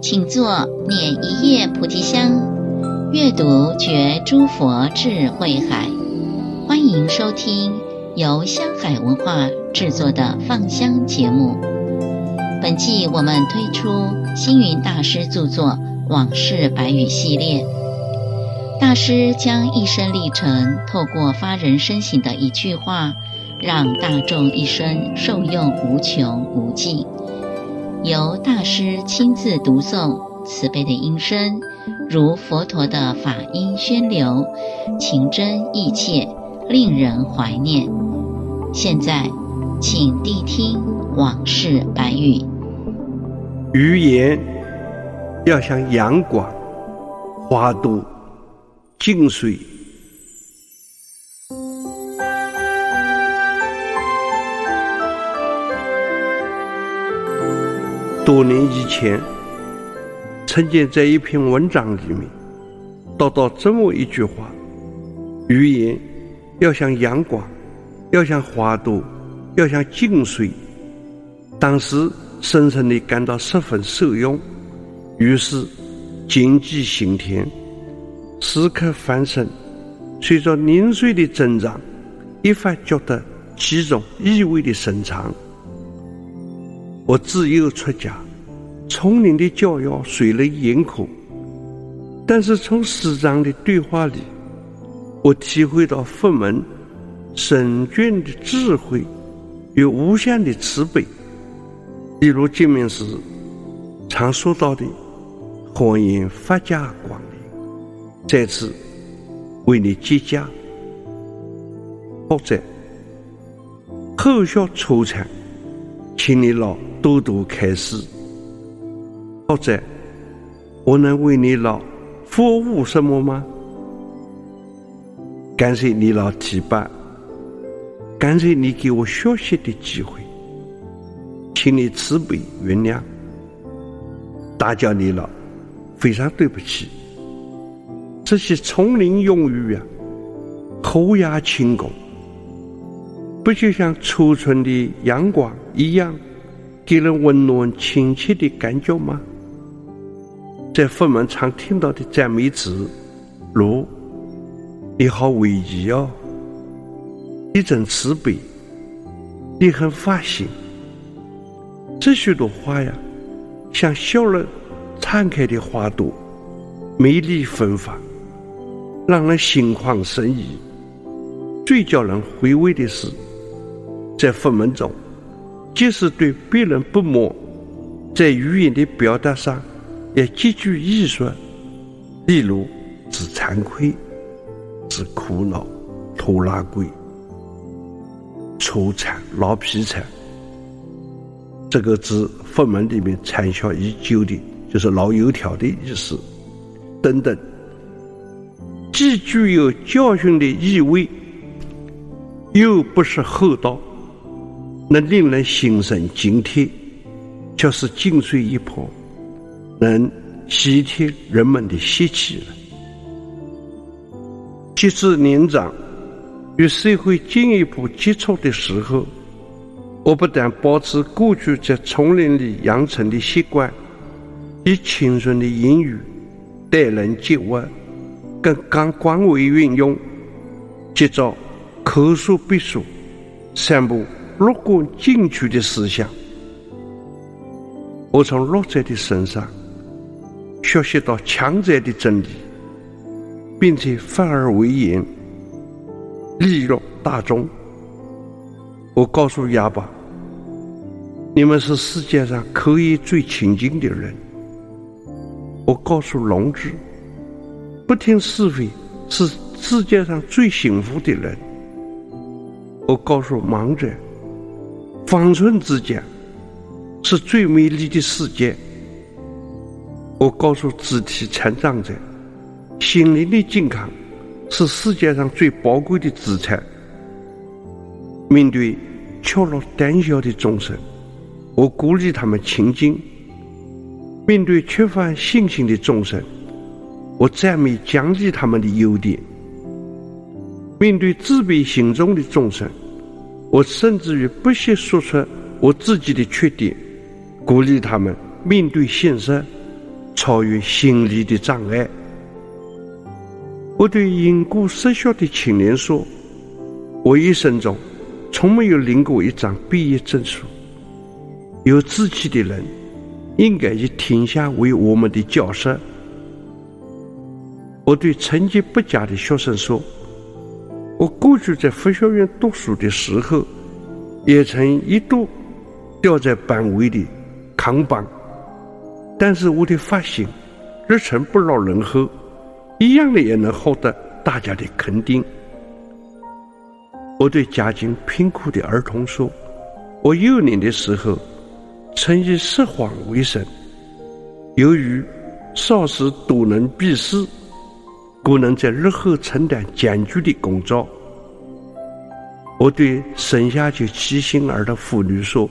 請坐，捻一葉菩提香，閱讀覺諸佛智慧海。歡迎收聽由香海文化製作的放香節目。本季我們推出星雲大師著作《往事百語》系列，大師將一生歷程透過發人深省的一句話，讓大眾一生受用無窮無盡。由大師親自讀誦，慈悲的音聲如佛陀的法音宣流，情真意切，令人懷念。現在，請諦聽。往事百語，語言要像陽光、花朵、淨水。多年以前，曾經在一篇文章裡面讀到這麼一句話：“語言要像陽光，要像花朵，要像淨水。”當時深深地感到十分受用，於是謹記心田，時刻反省。隨着年歲的增長，越發覺得其中意味的深長。我自幼出家，叢林的教育雖然嚴苛，但是從師長的對話裡，我體會到佛門聖卷的智慧與無限的慈悲。比如見面時常說到的“歡迎法駕光臨”，在此為你接駕，或者後學初參，請你老多多開示；或者我能為你老服務什麼嗎？感謝你老提拔，感謝你給我學習的機會。請你慈悲原諒，打攪你了，非常對不起。這些叢林用語啊，厚雅謙恭，不就像初春的陽光一樣，給人溫暖親切的感覺嗎？在佛門常聽到的讚美詞，如“你好偉大哦”，“你真慈悲”，“你很發心”。這許多花呀，像笑了，綻開的花朵，美麗芬芳，讓人心曠神怡。最叫人回味的是，在佛門中，即使對別人不滿，在語言的表達上，也極具藝術。例如，指慚愧，指苦惱，拖拉鬼，抽慘，老皮慘。這個字佛門裡面傳銷已久的就是“老油條”的意思，等等，既具有教訓的意味，又不失厚道，能令人心生警惕，卻、就是淨水一潑，能洗滌人們的習氣了。其實年長，與社會進一步接觸的時候。我不但保持過去在叢林裡養成的習慣，以輕鬆的言語待人接物，更敢廣為運用，接着口說筆書，散布樂觀進取的思想。我從弱者的身上學習到強者的真理，並且發而為言，利樂大眾。我告訴啞巴。你們是世界上可以最親近的人。我告訴聾子，不聽是非是世界上最幸福的人。我告訴盲者，方寸之間是最美麗的世界。我告訴肢體殘障者，心靈的健康是世界上最寶貴的資產。面對怯懦膽小的眾生。我鼓勵他們精進，面對缺乏信心的眾生，我讚美、獎勵他們的優點；面對自卑心重的眾生，我甚至於不惜說出我自己的缺點，鼓勵他們面對現實，超越心理的障礙。我對因故失學的青年說：“我一生中，從沒有領過一張畢業證書。”有志氣的人，應該以天下為我們的教室。我對成績不佳的學生說：“我過去在佛學院讀書的時候，也曾一度吊在班尾裡扛榜，但是我的髮型、日程不落人後，一樣的也能獲得大,大家的肯定。”我對家境貧苦的兒童說：“我幼年的時候。”曾以拾荒為生，由於少時多能鄙事，故能在日後承擔艱鉅的工作。我對生下就畸形兒的婦女說：“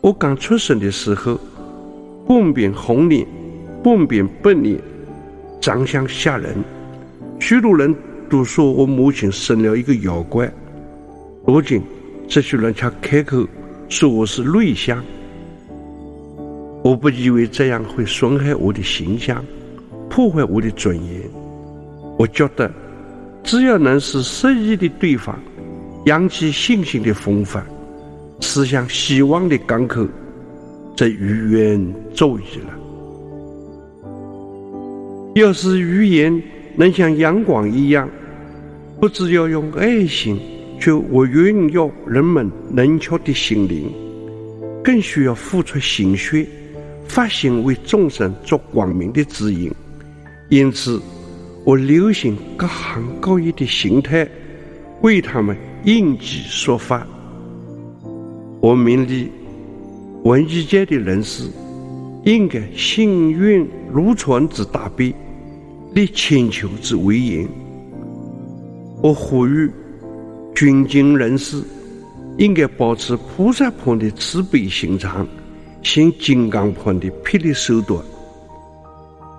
我剛出生的時候，半邊紅臉，半邊白臉，長相嚇人，許多人都說我母親生了一個妖怪。如今，這些人卻開口說我是內向。”我不以為這樣會損害我的形象，破壞我的尊嚴。我覺得，只要能使失意的對方揚起信心的風帆，駛向希望的港口，則於願足矣了。要是語言能像陽光一樣，不只要用愛心，溫沃人們冷卻的心靈，更需要付出心血。發心為眾生作光明的指引，因此我留心各行各業的心態，為他們應機說法。我勉勵文藝界的人士應該幸運如椽之大筆，立千秋之偉言。我呼籲軍警人士應該保持菩薩般的慈悲心腸。行金剛般的霹靂手段，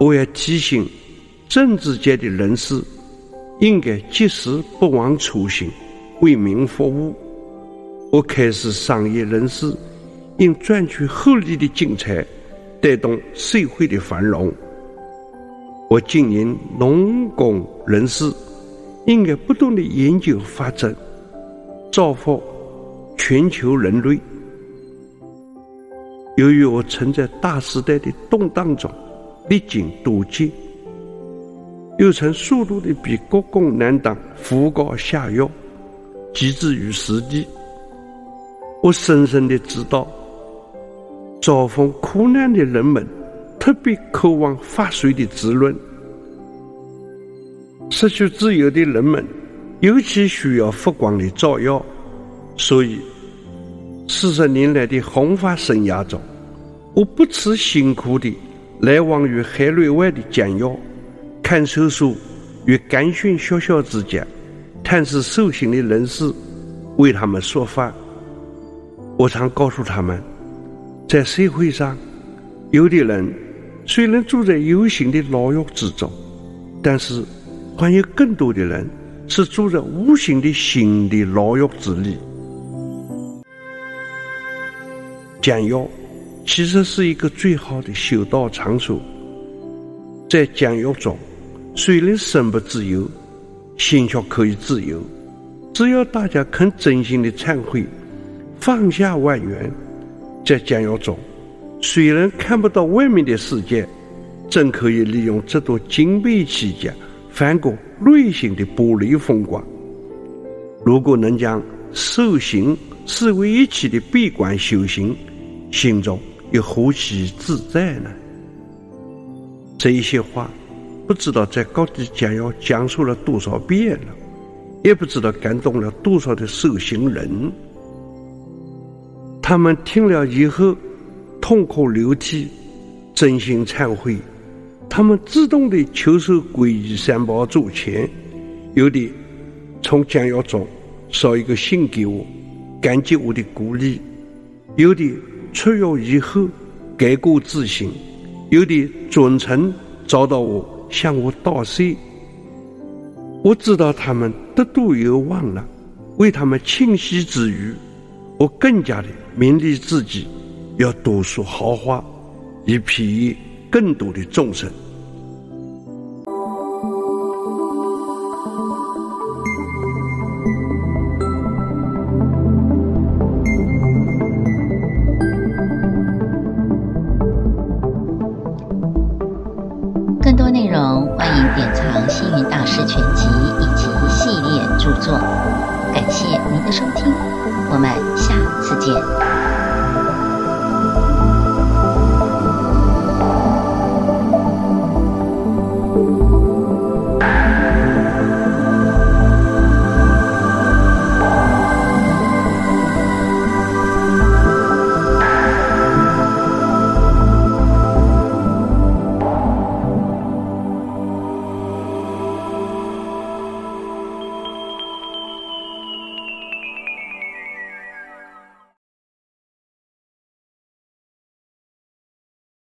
我要提醒政治界的人士，應該及時不忘初心，為民服務。我開始商業人士應賺取厚利的淨財，帶動社會的繁榮。我經營農工人士應該不斷的研究發展，造福全球人類。由於我曾在大時代的動盪中歷盡多劫，又曾數度的比國共兩黨扶高下藥，極致於實際，我深深的知道，遭逢苦難的人們特別渴望法水的滋潤，失去自由的人們尤其需要佛光的照耀，所以。四十年來的弘法生涯中，我不辭辛苦地來往於海內外的監獄、看守所與感訓學校之間，探視受刑的人士，為他們說法。我常告訴他們，在社會上，有的人雖然住在有形的牢獄之中，但是還有更多的人是住在無形的心的牢獄之裡。監獄，其實是一個最好的修道場所。在監獄中，雖然身不自由，心卻可以自由。只要大家肯真心的懺悔，放下萬緣，在監獄中，雖然看不到外面的世界，正可以利用這段禁閉期間，反觀內心的琉璃風光。如果能將受刑視為一起的閉關修行。心中又何其自在呢？這一些話，不知道在各地監獄講述了多少遍了，也不知道感動了多少的受刑人。他們聽了以後，痛哭流涕，真心懺悔，他們自動的求受皈依三寶住前。有的從監獄中捎一個信給我，感激我的鼓勵；有的。出獄以後，改過自新，有的專程找到我，向我道謝。我知道他們得度有望了，為他們慶幸之餘，我更加的勉勵自己，要多說好話，以利益更多的眾生。歡迎典藏《星雲大師全集》以及系列著作，感謝您的收聽，我們下次見。